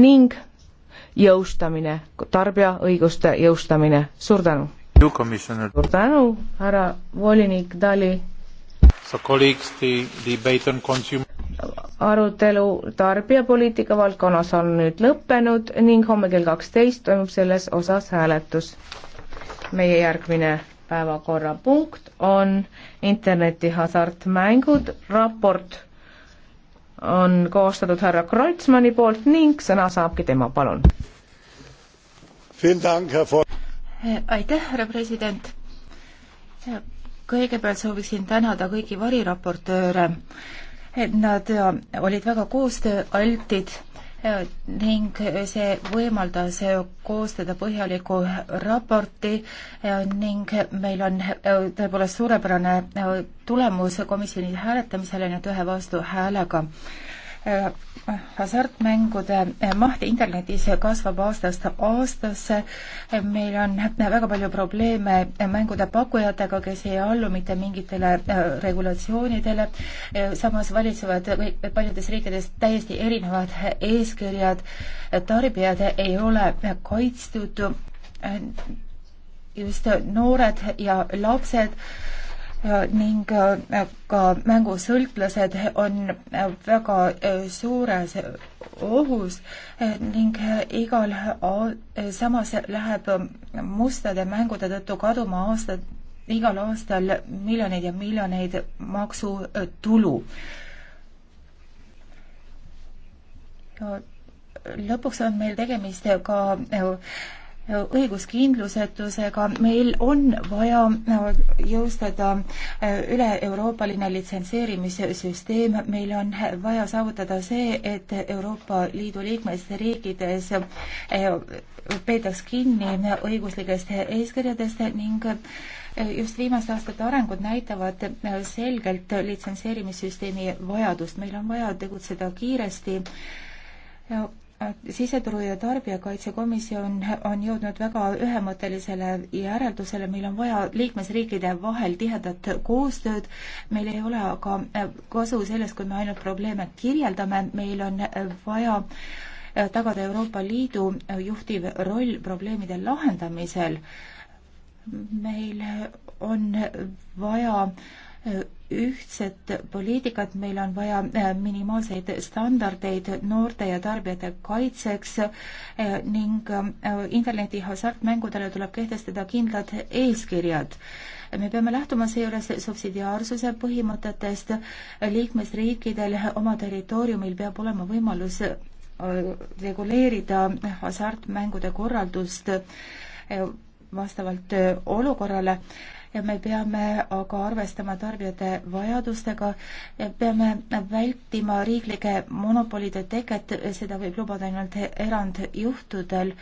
ning jõustamine, tarbija õiguste jõustamine. suur tänu! suur tänu, härra volinik Dali! arutelu tarbijapoliitika valdkonnas on nüüd lõppenud ning homme kell kaksteist toimub selles osas hääletus. meie järgmine päevakorrapunkt on interneti hasartmängud raport on koostatud härra Kreutzmanni poolt ning sõna saabki tema, palun. aitäh, härra president. kõigepealt sooviksin tänada kõiki variraportööre. Nad olid väga koostööaltid ning see võimaldas koostada põhjaliku raporti äh, ning meil on äh, tõepoolest suurepärane äh, tulemus komisjoni hääletamisele, nii et ühe vastuhäälega hasartmängude maht internetis kasvab aastast aastasse. meil on väga palju probleeme mängude pakkujatega, kes ei allu mitte mingitele äh, regulatsioonidele. samas valitsevad paljudes riikides täiesti erinevad eeskirjad. tarbijad ei ole kaitstud. just noored ja lapsed ning äh, ka mängusõltlased on äh, väga äh, suures ohus ning igal samas läheb mustade mängude tõttu kaduma aastat, igal aastal miljoneid ja miljoneid maksutulu. lõpuks on meil tegemist ka õiguskindlusetusega, meil on vaja äh, jõustada äh, üle-euroopaline litsenseerimissüsteem, meil on vaja saavutada see, et Euroopa Liidu liikmesriikides äh, peetaks kinni õiguslikest eeskirjadest ning just viimaste aastate arengud näitavad selgelt litsenseerimissüsteemi vajadust, meil on vaja tegutseda kiiresti Äh, siseturu ja tarbijakaitsekomisjon on jõudnud väga ühemõttelisele järeldusele, meil on vaja liikmesriikide vahel tihedat koostööd, meil ei ole aga äh, kasu sellest, kui me ainult probleeme kirjeldame, meil on äh, vaja tagada Euroopa Liidu juhtiv roll probleemide lahendamisel. meil on vaja äh, ühtset poliitikat, meil on vaja äh, minimaalseid standardeid noorte ja tarbijate kaitseks äh, ning äh, interneti hasartmängudele tuleb kehtestada kindlad eeskirjad. me peame lähtuma seejuures subsidiaarsuse põhimõtetest, liikmesriikidel oma territooriumil peab olema võimalus reguleerida hasartmängude korraldust vastavalt olukorrale me peame aga arvestama tarbijate vajadustega, peame vältima riiklike monopolide teket, seda võib lubada ainult erandjuhtudel.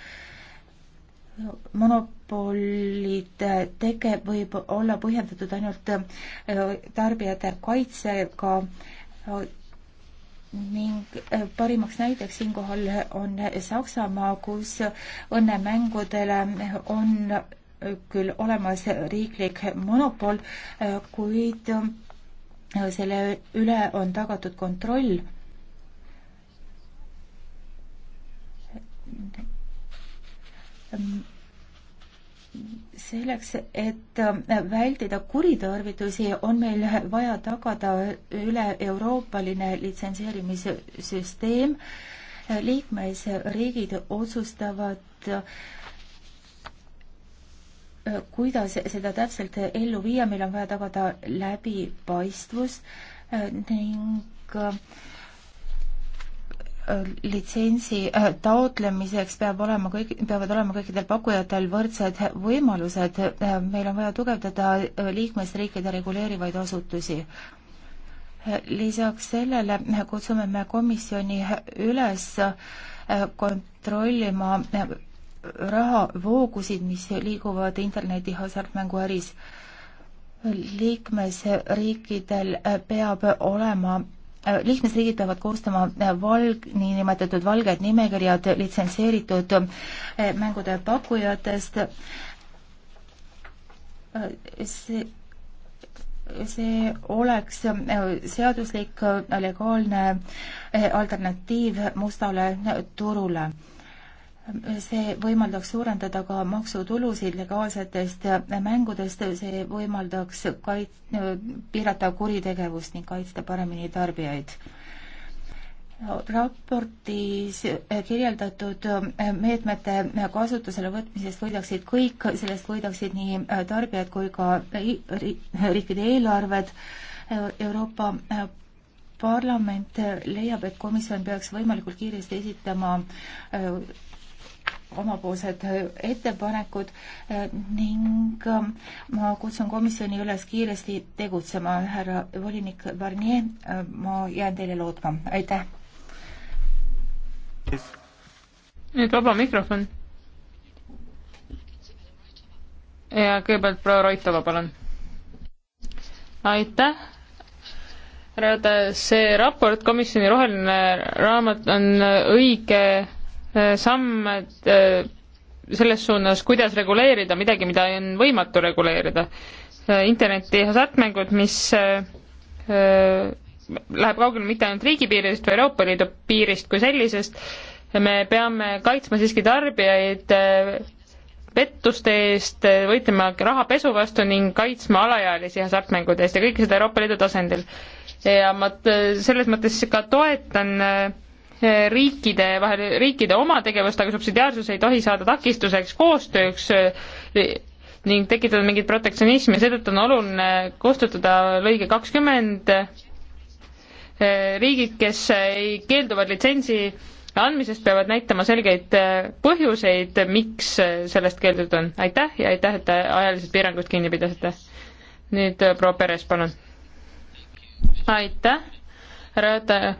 monopolide teke võib olla põhjendatud ainult äh, tarbijate kaitsega ning äh, parimaks näiteks siinkohal on Saksamaa, kus õnnemängudele on küll olemas riiklik monopol, kuid äh, selle üle on tagatud kontroll. selleks, et äh, vältida kuritarvitusi, on meil vaja tagada üle-euroopaline litsenseerimissüsteem. liikmesriigid otsustavad äh, kuidas seda täpselt ellu viia, meil on vaja tagada läbipaistvus ning äh, litsentsi äh, taotlemiseks peab olema kõik, peavad olema kõikidel pakkujatel võrdsed võimalused, äh, meil on vaja tugevdada liikmesriikide reguleerivaid asutusi. lisaks sellele kutsume me komisjoni üles kontrollima rahavoogusid, mis liiguvad interneti hasartmänguäris. liikmesriikidel peab olema liikmesriigid peavad koostama valg, niinimetatud valged nimekirjad litsenseeritud mängude pakkujatest. see, see oleks seaduslik legaalne alternatiiv mustale turule see võimaldaks suurendada ka maksutulusid legaalsetest mängudest, see võimaldaks kait-, piirata kuritegevust ning kaitsta paremini tarbijaid. raportis kirjeldatud meetmete kasutusele võtmisest võidaksid kõik, sellest võidaksid nii tarbijad kui ka riikide eelarved, Euroopa parlament leiab, et komisjon peaks võimalikult kiiresti esitama omapoolsed äh, ettepanekud äh, ning ähm, ma kutsun komisjoni üles kiiresti tegutsema, härra volinik Barnier, äh, ma jään teile lootma, aitäh. nüüd vaba mikrofon. ja kõigepealt proua Roitova, palun. aitäh härra Jõde, see raport, komisjoni roheline raamat on õige Äh, samm äh, selles suunas, kuidas reguleerida midagi, mida on võimatu reguleerida. Äh, interneti hasartmängud, mis läheb kaugele mitte ainult riigipiirist või Euroopa Liidu piirist kui sellisest, me peame kaitsma siiski tarbijaid pettuste eest, võitlema rahapesu vastu ning kaitsma alaealisi hasartmängude eest ja kõike seda Euroopa Liidu tasandil. ja ma selles mõttes ka toetan äh, riikide vahel, riikide oma tegevust, aga subsidiaarsus ei tohi saada takistuseks koostööks eh, ning tekitada mingit protektsionismi, seetõttu on oluline kustutada lõige kakskümmend, eh, riigid, kes ei keelduvad litsentsi andmisest, peavad näitama selgeid eh, põhjuseid, miks sellest keeldutud on. aitäh ja aitäh, et te ajalised piirangud kinni pidasite. nüüd proua Peres, palun. aitäh, härra juhataja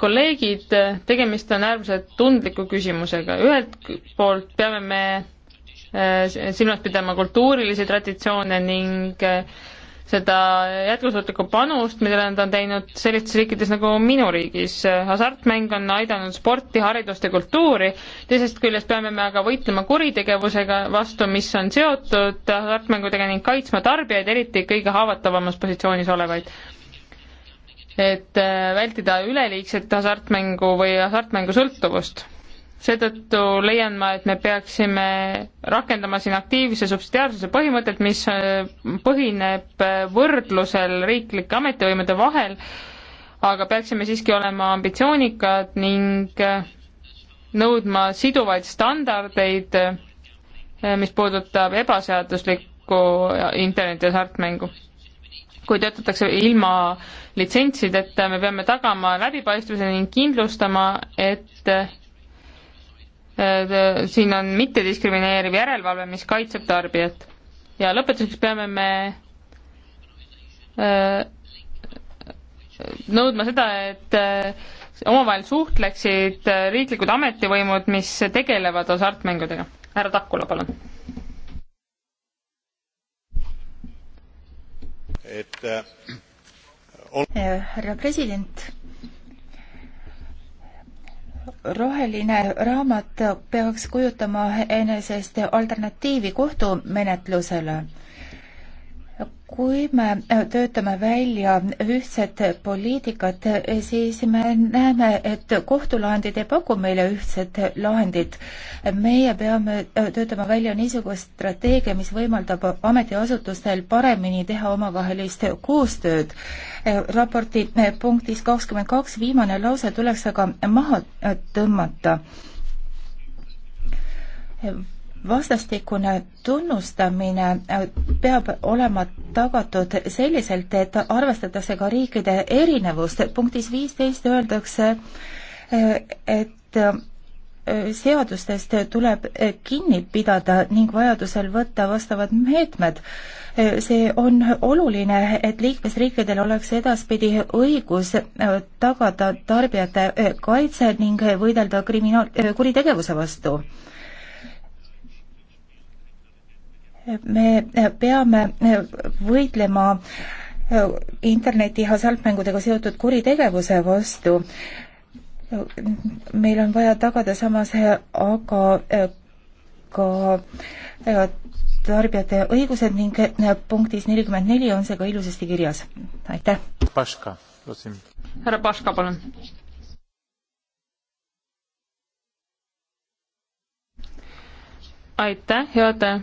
kolleegid, tegemist on äärmiselt tundliku küsimusega, ühelt poolt peame me äh, silmas pidama kultuurilisi traditsioone ning äh, seda jätkusuutlikku panust, mida nad on teinud sellistes riikides nagu minu riigis. hasartmäng on aidanud sporti, haridust ja kultuuri, teisest küljest peame me aga võitlema kuritegevusega vastu, mis on seotud hasartmängudega ning kaitsma tarbijaid, eriti kõige haavatavamas positsioonis olevaid et äh, vältida üleliigset hasartmängu või hasartmängusõltuvust. seetõttu leian ma, et me peaksime rakendama siin aktiivse subsidiaarsuse põhimõtet, mis äh, põhineb äh, võrdlusel riiklike ametivõimude vahel, aga peaksime siiski olema ambitsioonikad ning nõudma siduvaid standardeid, mis puudutab ebaseaduslikku interneti hasartmängu kui töötatakse ilma litsentsideta, me peame tagama läbipaistvuse ning kindlustama, et siin on mittediskrimineeriv järelevalve, mis kaitseb tarbijat. ja lõpetuseks peame me äh, nõudma seda, et äh, omavahel suhtleksid äh, riiklikud ametivõimud, mis tegelevad hasartmängudega. härra Takula, palun et äh, äh, härra president, roheline raamat peaks kujutama enesest alternatiivi kohtumenetlusele kui me äh, töötame välja ühtset poliitikat, äh, siis me näeme, et kohtulahendid ei paku meile ühtset lahendit. meie peame äh, töötama välja niisugust strateegia, mis võimaldab ametiasutustel paremini teha omavahelist koostööd. raporti punktis kakskümmend kaks viimane lause tuleks aga maha tõmmata vastastikune tunnustamine äh, peab olema tagatud selliselt, et arvestatakse ka riikide erinevust. punktis viisteist öeldakse, äh, et äh, seadustest tuleb kinni pidada ning vajadusel võtta vastavad meetmed. see on oluline, et liikmesriikidel oleks edaspidi õigus tagada tarbijate kaitse ning võidelda kriminaal-, kuritegevuse vastu me peame võitlema interneti hasartmängudega seotud kuritegevuse vastu. meil on vaja tagada samas aga ka tarbijate õigused ning punktis nelikümmend neli on see ka ilusasti kirjas. aitäh! Paška, prosim. härra Paška, palun. aitäh, juhataja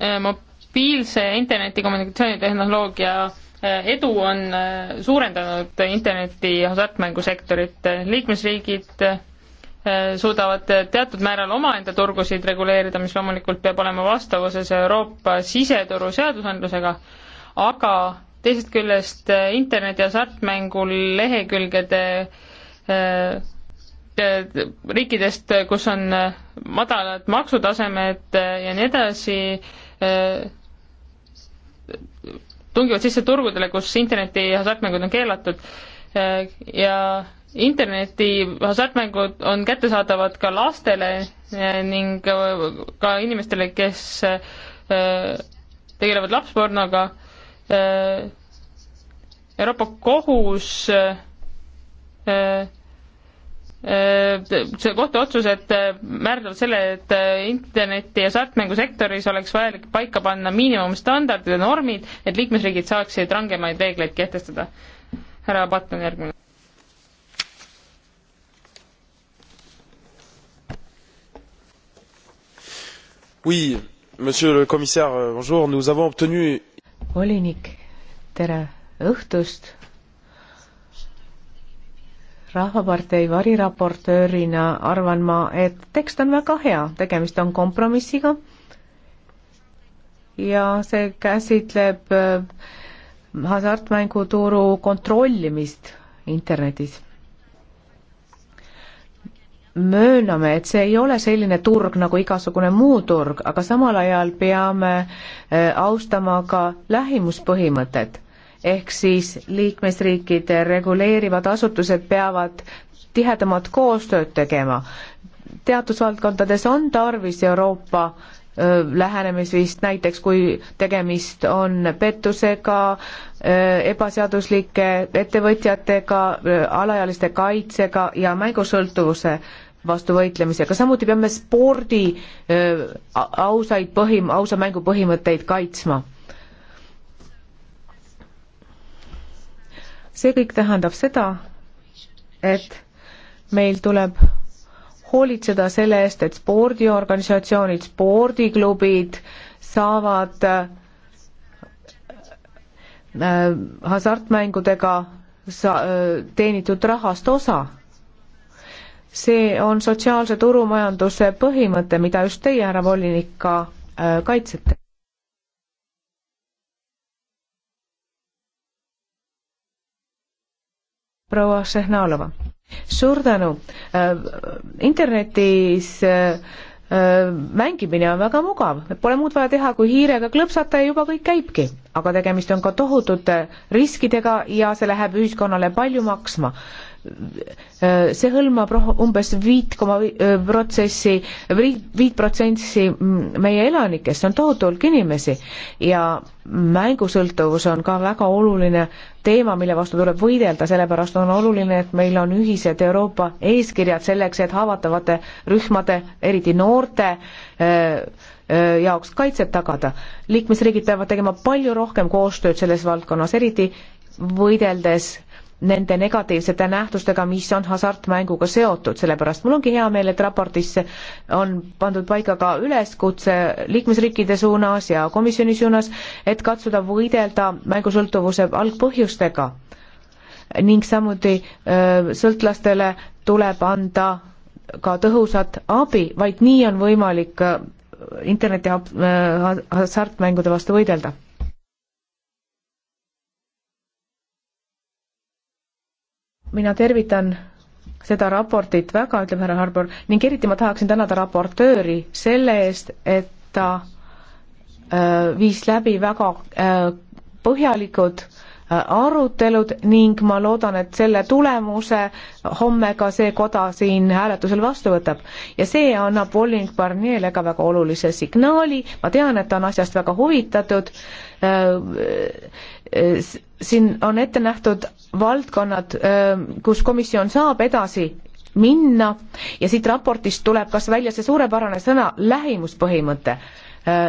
Äh, mobiilse interneti kommunikatsioonitehnoloogia äh, edu on äh, suurendanud interneti hasartmängusektorit. liikmesriigid suudavad teatud määral omaenda turgusid reguleerida, mis loomulikult peab olema vastavuses Euroopa siseturu seadusandlusega, aga teisest küljest interneti hasartmängu lehekülgede riikidest, kus on madalad maksutasemed ja nii edasi, Äh, tungivad sisse turgudele, kus interneti hasartmängud on keelatud äh, ja interneti hasartmängud on kättesaadavad ka lastele äh, ning ka inimestele, kes tegelevad lapspornoga. Euroopa Kohus äh, see kohtuotsused äh, määrdavad selle, et äh, interneti ja sartmängusektoris oleks vajalik paika panna miinimumstandardid ja normid, et liikmesriigid saaksid rangemaid reegleid kehtestada. härra Patten, järgmine. Oui, monsieur le commissaire, bonjour, nous avons obtenu volinik, tere õhtust Rahvapartei variraportöörina arvan ma, et tekst on väga hea, tegemist on kompromissiga ja see käsitleb äh, hasartmänguturu kontrollimist internetis. mööname, et see ei ole selline turg nagu igasugune muu turg, aga samal ajal peame äh, austama ka lähimuspõhimõtet ehk siis liikmesriikide reguleerivad asutused peavad tihedamat koostööd tegema. teatud valdkondades on tarvis Euroopa lähenemisviist, näiteks kui tegemist on pettusega, ebaseaduslike ettevõtjatega, alaealiste kaitsega ja mängusõltuvuse vastu võitlemisega, samuti peame spordi ausaid põhim-, ausa mängu põhimõtteid kaitsma see kõik tähendab seda, et meil tuleb hoolitseda selle eest, et spordiorganisatsioonid, spordiklubid saavad äh, hasartmängudega sa-, äh, teenitud rahast osa. see on sotsiaalse turumajanduse põhimõte, mida just teie, härra volinik, ka äh, kaitsete. proua Šehnalova. suur tänu. Äh, internetis äh, äh, mängimine on väga mugav, pole muud vaja teha, kui hiirega klõpsata ja juba kõik käibki. aga tegemist on ka tohutute riskidega ja see läheb ühiskonnale palju maksma. Äh, see hõlmab umbes viit koma äh, protsessi, viit protsenti mm, meie elanikest, see on tohutu hulk inimesi ja mängusõltuvus on ka väga oluline teema, mille vastu tuleb võidelda, sellepärast on oluline, et meil on ühised Euroopa eeskirjad selleks, et haavatavate rühmade, eriti noorte äh, jaoks kaitset tagada. liikmesriigid peavad tegema palju rohkem koostööd selles valdkonnas, eriti võideldes nende negatiivsete nähtustega, mis on hasartmänguga seotud, sellepärast mul ongi hea meel, et raportisse on pandud paika ka üleskutse liikmesriikide suunas ja komisjoni suunas, et katsuda võidelda mängusõltuvuse algpõhjustega. ning samuti öö, sõltlastele tuleb anda ka tõhusat abi, vaid nii on võimalik interneti hasartmängude vastu võidelda mina tervitan seda raportit väga, ütleb härra Harbor, ning eriti ma tahaksin tänada raportööri selle eest, et ta äh, viis läbi väga äh, põhjalikud äh, arutelud ning ma loodan, et selle tulemuse homme ka see koda siin hääletusel vastu võtab. ja see annab Volling Barnierile ka väga olulise signaali, ma tean, et ta on asjast väga huvitatud äh,, siin on ette nähtud valdkonnad, kus komisjon saab edasi minna ja siit raportist tuleb kas välja see suurepärane sõna lähimuspõhimõte.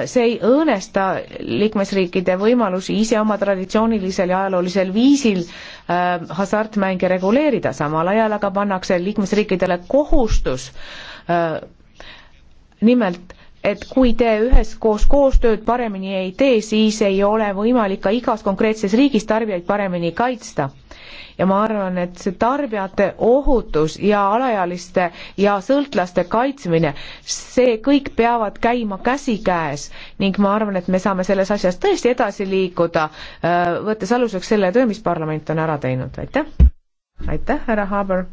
see ei õõnesta liikmesriikide võimalusi ise oma traditsioonilisel ja ajaloolisel viisil hasartmänge reguleerida, samal ajal aga pannakse liikmesriikidele kohustus nimelt et kui te üheskoos koostööd paremini ei tee, siis ei ole võimalik ka igas konkreetses riigis tarbijaid paremini kaitsta. ja ma arvan, et see tarbijate ohutus ja alaealiste ja sõltlaste kaitsmine, see kõik peavad käima käsikäes ning ma arvan, et me saame selles asjas tõesti edasi liikuda, äh, võttes aluseks selle töö, mis parlament on ära teinud, aitäh! aitäh, härra Haber!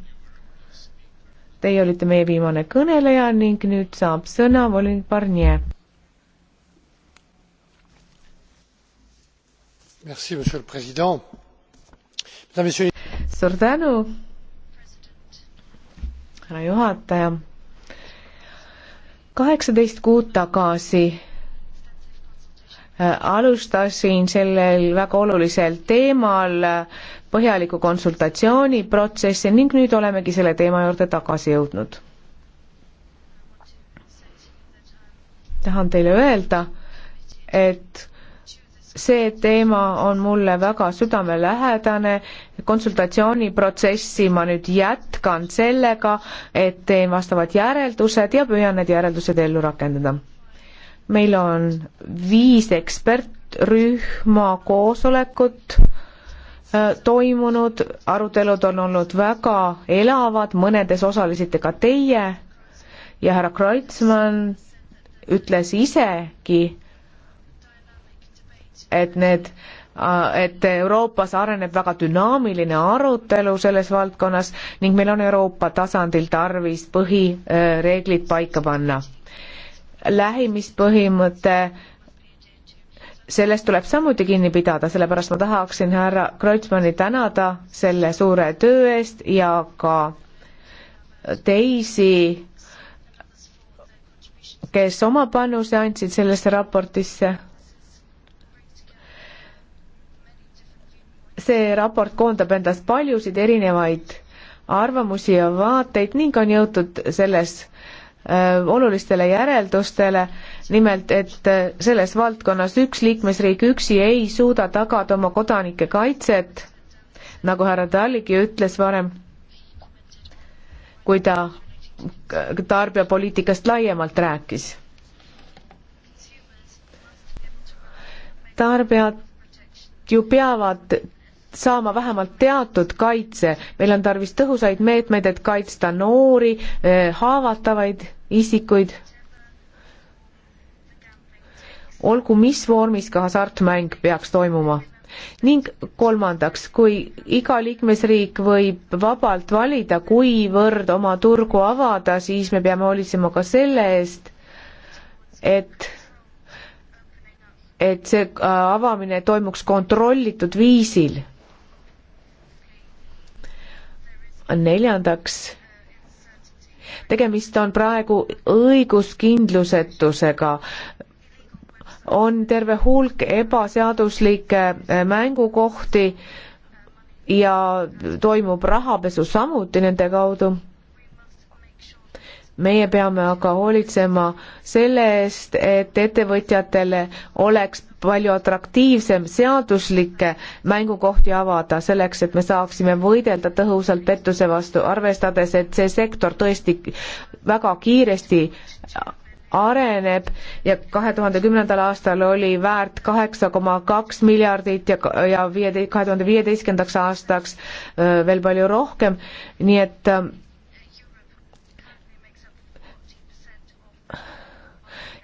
Teie olite meie viimane kõneleja ning nüüd saab sõna volinik Barnier. suur tänu, härra juhataja. kaheksateist kuud tagasi äh, alustasin sellel väga olulisel teemal põhjaliku konsultatsiooniprotsessi ning nüüd olemegi selle teema juurde tagasi jõudnud. tahan teile öelda, et see teema on mulle väga südamelähedane, konsultatsiooniprotsessi ma nüüd jätkan sellega, et teen vastavad järeldused ja püüan need järeldused ellu rakendada. meil on viis ekspertrühma koosolekut Äh, toimunud, arutelud on olnud väga elavad, mõnedes osalesite ka teie ja härra Kreutzmann ütles isegi, et need, äh, et Euroopas areneb väga dünaamiline arutelu selles valdkonnas ning meil on Euroopa tasandil tarvis põhireeglid paika panna. lähimispõhimõte äh, sellest tuleb samuti kinni pidada, sellepärast ma tahaksin härra Kreutzmanni tänada selle suure töö eest ja ka teisi, kes oma panuse andsid sellesse raportisse. see raport koondab endast paljusid erinevaid arvamusi ja vaateid ning on jõutud selles Äh, olulistele järeldustele, nimelt et äh, selles valdkonnas üks liikmesriik üksi ei suuda tagada oma kodanike kaitset, nagu härra Talligi ütles varem, kui ta tarbijapoliitikast laiemalt rääkis. tarbijad ju peavad saama vähemalt teatud kaitse, meil on tarvis tõhusaid meetmeid, et kaitsta noori, äh, haavatavaid isikuid, olgu mis vormis ka hasartmäng peaks toimuma. ning kolmandaks, kui iga liikmesriik võib vabalt valida, kuivõrd oma turgu avada, siis me peame hoolitsema ka selle eest, et et see äh, avamine toimuks kontrollitud viisil. neljandaks tegemist on praegu õiguskindlusetusega on terve hulk ebaseaduslikke äh, mängukohti ja toimub rahapesu samuti nende kaudu. meie peame aga hoolitsema selle eest, et ettevõtjatele oleks palju atraktiivsem seaduslikke mängukohti avada selleks, et me saaksime võidelda tõhusalt pettuse vastu, arvestades, et see sektor tõesti väga kiiresti areneb ja kahe tuhande kümnendal aastal oli väärt kaheksa koma kaks miljardit ja, ja viie, kahe tuhande viieteistkümnendaks aastaks äh, veel palju rohkem, nii et ähm,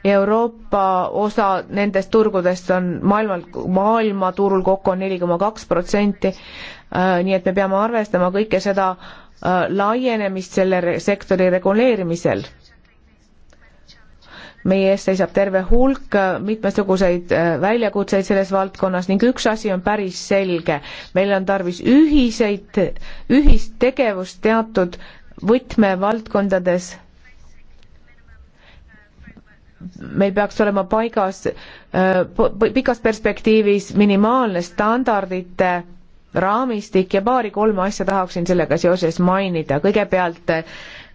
Euroopa osa nendest turgudest on maailmal, maailmaturul kokku on neli koma kaks protsenti, äh, nii et me peame arvestama kõike seda äh, laienemist selle sektori reguleerimisel. meie ees seisab terve hulk äh, mitmesuguseid väljakutseid selles valdkonnas ning üks asi on päris selge, meil on tarvis ühiseid, ühist tegevust teatud võtmevaldkondades meil peaks olema paigas äh, pikas perspektiivis minimaalne standardite raamistik ja paari-kolme asja tahaksin sellega seoses mainida. kõigepealt äh,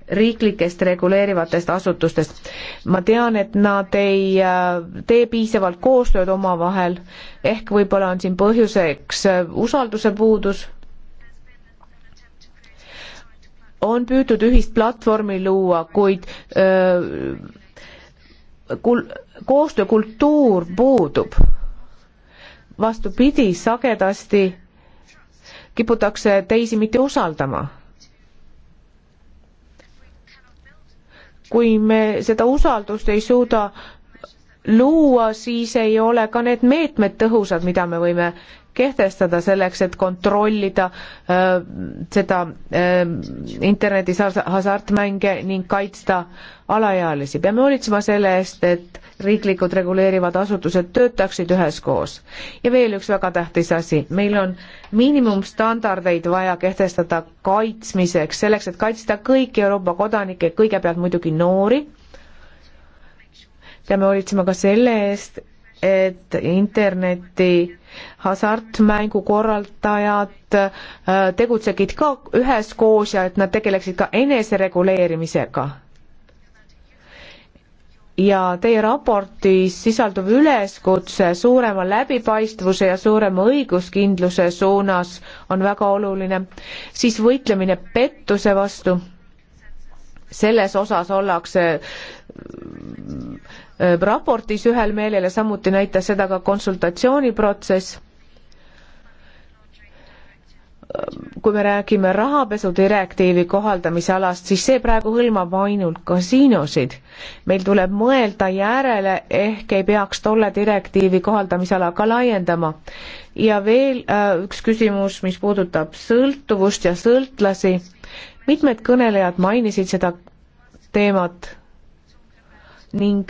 riiklikest reguleerivatest asutustest. ma tean, et nad ei äh, tee piisavalt koostööd omavahel, ehk võib-olla on siin põhjuseks usalduse puudus, on püütud ühist platvormi luua, kuid öö, kul-, koostöökultuur puudub. vastupidi, sagedasti kiputakse teisi mitte usaldama. kui me seda usaldust ei suuda luua, siis ei ole ka need meetmed tõhusad, mida me võime kehtestada selleks, et kontrollida äh, seda äh, internetis hasartmänge ning kaitsta alaealisi. peame hoolitsema selle eest, et riiklikud reguleerivad asutused töötaksid üheskoos. ja veel üks väga tähtis asi, meil on miinimumstandardeid vaja kehtestada kaitsmiseks, selleks et kaitsta kõiki Euroopa kodanikke, kõigepealt muidugi noori, peame hoolitsema ka selle eest, et interneti hasartmängu korraldajad äh, tegutsegid ka üheskoos ja et nad tegeleksid ka enesereguleerimisega. ja teie raportis sisalduv üleskutse suurema läbipaistvuse ja suurema õiguskindluse suunas on väga oluline, siis võitlemine pettuse vastu, selles osas ollakse Äh, raportis ühel meelel ja samuti näitas seda ka konsultatsiooniprotsess. kui me räägime rahapesu direktiivi kohaldamise alast, siis see praegu hõlmab ainult kasiinosid. meil tuleb mõelda järele, ehk ei peaks tolle direktiivi kohaldamisala ka laiendama. ja veel äh, üks küsimus, mis puudutab sõltuvust ja sõltlasi. mitmed kõnelejad mainisid seda teemat ning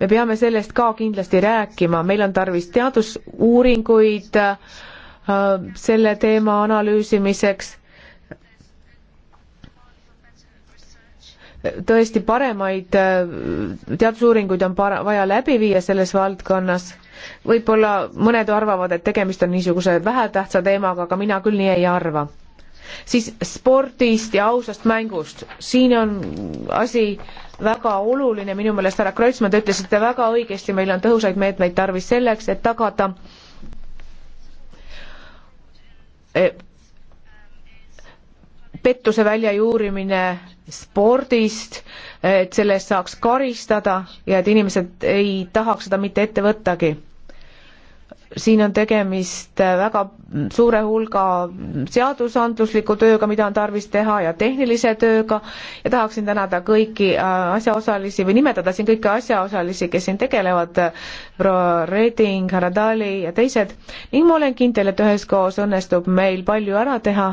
me peame sellest ka kindlasti rääkima, meil on tarvis teadusuuringuid äh, selle teema analüüsimiseks. tõesti, paremaid äh, teadusuuringuid on para-, vaja läbi viia selles valdkonnas. võib-olla mõned arvavad, et tegemist on niisuguse vähetähtsa teemaga, aga mina küll nii ei arva siis spordist ja ausast mängust, siin on asi väga oluline, minu meelest härra Kreutzmann, te ütlesite väga õigesti, meil on tõhusaid meetmeid tarvis selleks, et tagada e, pettuse väljajuurimine spordist, et selle eest saaks karistada ja et inimesed ei tahaks seda mitte ette võttagi siin on tegemist väga suure hulga seadusandlusliku tööga, mida on tarvis teha ja tehnilise tööga ja tahaksin tänada kõiki äh, asjaosalisi või nimetada siin kõiki asjaosalisi, kes siin tegelevad, proua Reding, härra Dali ja teised, ning ma olen kindel, et üheskoos õnnestub meil palju ära teha,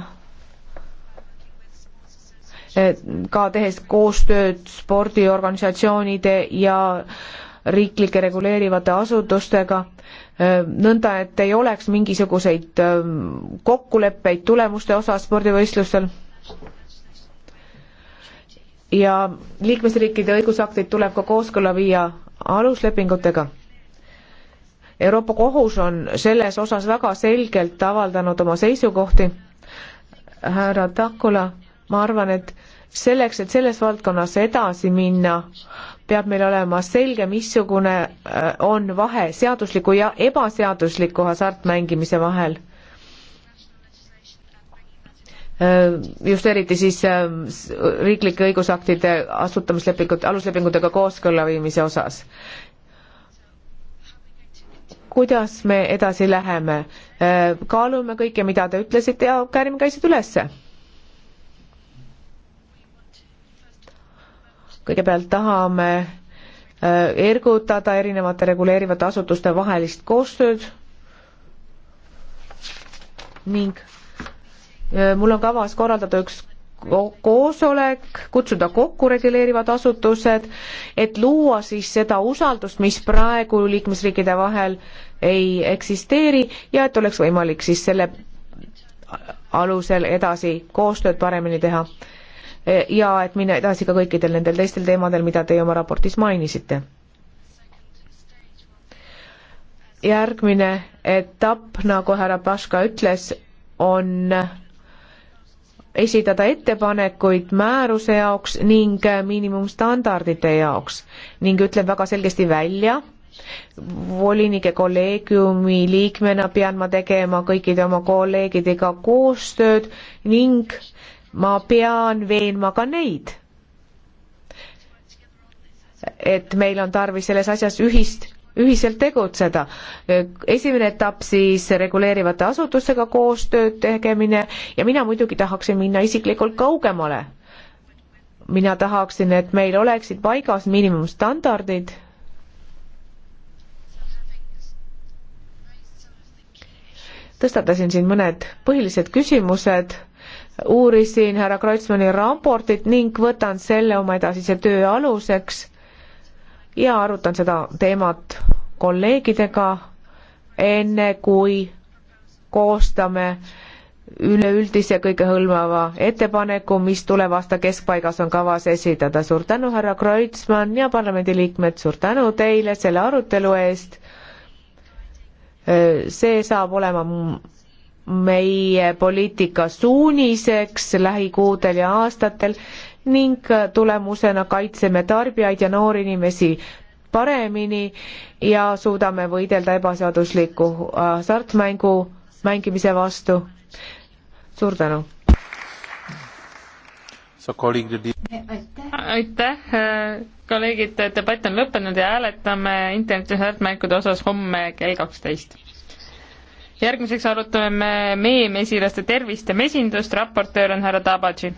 ka tehes koostööd spordiorganisatsioonide ja riiklike reguleerivate asutustega, äh, nõnda et ei oleks mingisuguseid äh, kokkuleppeid tulemuste osas spordivõistlustel. ja liikmesriikide õigusaktid tuleb ka kooskõlla viia aluslepingutega Euroopa Kohus on selles osas väga selgelt avaldanud oma seisukohti. härra Takula, ma arvan, et selleks, et selles valdkonnas edasi minna, peab meil olema selge, missugune äh, on vahe seadusliku ja ebaseadusliku hasartmängimise vahel. Äh, just eriti siis äh, riiklike õigusaktide astutamislepingute, aluslepingutega kooskõlla viimise osas kuidas me edasi läheme. kaalume kõike, mida te ütlesite ja käärime ka asjad ülesse kõigepealt tahame äh, ergutada erinevate reguleerivate asutuste vahelist koostööd ning äh, mul on kavas korraldada üks koosolek, kutsuda kokku reguleerivad asutused, et luua siis seda usaldust, mis praegu liikmesriikide vahel ei eksisteeri ja et oleks võimalik siis selle alusel edasi koostööd paremini teha ja et minna edasi ka kõikidel nendel teistel teemadel, mida teie oma raportis mainisite. järgmine etapp, nagu härra Paška ütles, on esitada ettepanekuid määruse jaoks ning miinimumstandardite jaoks ning ütlen väga selgesti välja, volinike kolleegiumi liikmena pean ma tegema kõikide oma kolleegidega koostööd ning ma pean veenma ka neid, et meil on tarvis selles asjas ühist ühiselt tegutseda. esimene etapp siis reguleerivate asutustega koostööd tegemine ja mina muidugi tahaksin minna isiklikult kaugemale. mina tahaksin, et meil oleksid paigas miinimumstandardid. tõstatasin siin mõned põhilised küsimused uurisin härra Kreutzmanni raportit ning võtan selle oma edasise töö aluseks ja arutan seda teemat kolleegidega, enne kui koostame üleüldise kõigehõlmava ettepaneku, mis tuleva aasta keskpaigas on kavas esitada. suur tänu, härra Kreutzmann ja parlamendiliikmed, suur tänu teile selle arutelu eest. Äh, see saab olema meie poliitika suuniseks lähikuudel ja aastatel ning tulemusena kaitseme tarbijaid ja noori inimesi paremini ja suudame võidelda ebaseadusliku hasartmängu mängimise vastu. suur tänu! aitäh, kolleegid, debatt on lõppenud ja hääletame interneti hasartmängude osas homme kell kaksteist järgmiseks arutame me meemesilaste tervist ja mesindust, raportöör on härra Tabatši.